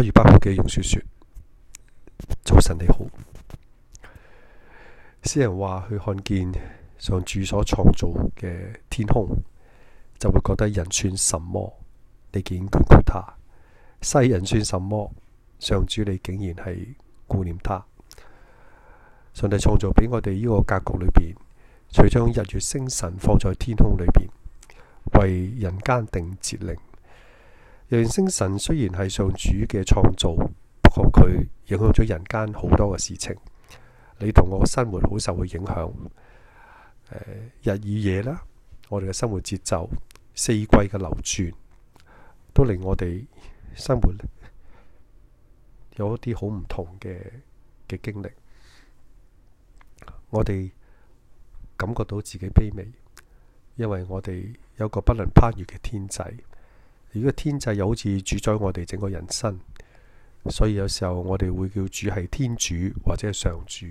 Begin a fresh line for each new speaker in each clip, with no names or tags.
八月八號，用說說。早晨你好。詩人話：去看見上主所創造嘅天空，就會覺得人算什麼？你竟然眷顧他，世人算什麼？上主你竟然係顧念他。上帝創造俾我哋呢個格局裏邊，除將日月星辰放在天空裏邊，為人間定節令。太陽星辰雖然係上主嘅創造，不過佢影響咗人間好多嘅事情，你同我嘅生活好受佢影響。呃，日與夜啦，我哋嘅生活節奏、四季嘅流轉，都令我哋生活有一啲好唔同嘅嘅經歷。我哋感覺到自己卑微，因為我哋有個不能攀越嘅天際。如果天際又好似主宰我哋整個人生，所以有時候我哋會叫主係天主或者係上主，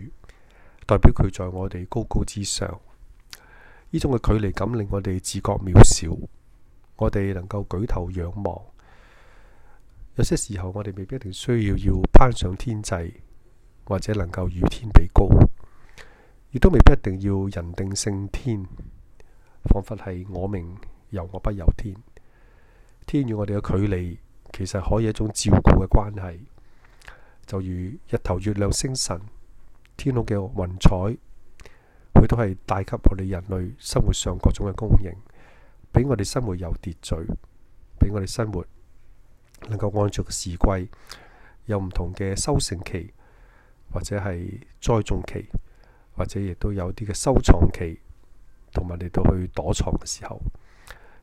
代表佢在我哋高高之上。呢種嘅距離感令我哋自覺渺小，我哋能夠舉頭仰望。有些時候我哋未必一定要需要要攀上天際，或者能夠與天比高，亦都未必一定要人定勝天，仿佛係我命由我不由天。天與我哋嘅距離，其實可以一種照顧嘅關係，就如一頭月亮、星辰、天空嘅雲彩，佢都係帶給我哋人類生活上各種嘅供應，俾我哋生活有秩序，俾我哋生活能夠按着時季有唔同嘅收成期，或者係栽種期，或者亦都有啲嘅收藏期，同埋嚟到去躲藏嘅時候，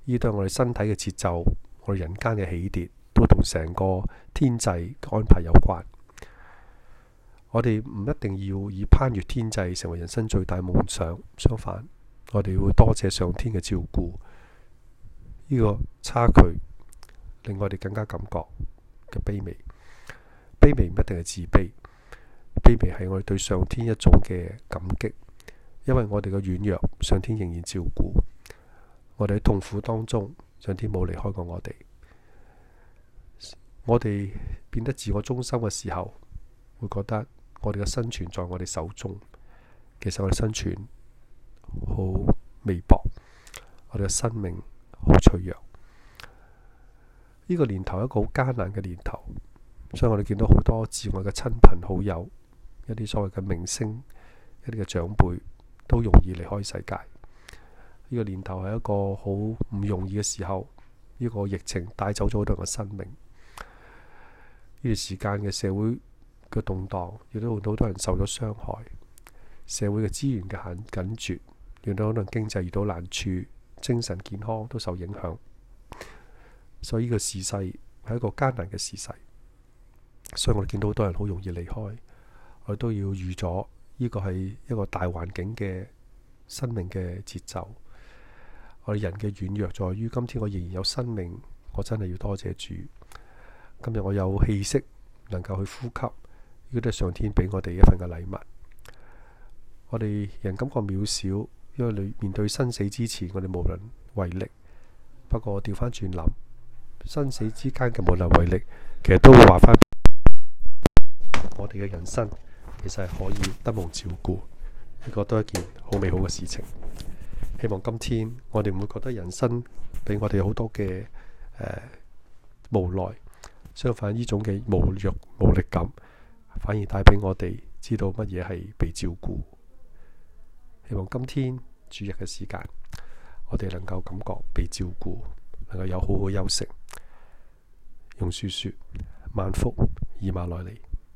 依啲係我哋身體嘅節奏。我哋人間嘅起跌都同成個天際安排有關。我哋唔一定要以攀越天際成為人生最大夢想。相反，我哋會多謝上天嘅照顧。呢個差距令我哋更加感覺嘅卑微。卑微唔一定係自卑，卑微係我哋對上天一種嘅感激。因為我哋嘅軟弱，上天仍然照顧我哋喺痛苦當中。上天冇離開過我哋，我哋變得自我中心嘅時候，會覺得我哋嘅生存在我哋手中。其實我哋生存好微薄，我哋嘅生命好脆弱。呢個年頭一個好艱難嘅年頭，所以我哋見到好多摯愛嘅親朋好友，一啲所謂嘅明星，一啲嘅長輩都容易離開世界。呢個年頭係一個好唔容易嘅時候，呢個疫情帶走咗好多人嘅生命。呢段時間嘅社會嘅動盪，亦都令到好多人受咗傷害。社會嘅資源嘅限緊絕，令到可能經濟遇到難處，精神健康都受影響。所以呢個時勢係一個艱難嘅時勢，所以我哋見到好多人好容易離開，我都要預咗呢個係一個大環境嘅生命嘅節奏。我哋人嘅軟弱在於今天我仍然有生命，我真係要多謝主。今日我有氣息，能夠去呼吸，呢個都係上天俾我哋一份嘅禮物。我哋人感覺渺小，因為你面對生死之前，我哋無能為力。不過調翻轉諗，生死之間嘅無能為力，其實都會話翻我哋嘅人生，其實係可以得蒙照顧，呢個都係一件好美好嘅事情。希望今天我哋唔會覺得人生俾我哋好多嘅、呃、無奈，相反呢種嘅無慾無力感，反而帶俾我哋知道乜嘢係被照顧。希望今天主日嘅時間，我哋能夠感覺被照顧，能夠有好好休息。用書說：萬福以馬內利。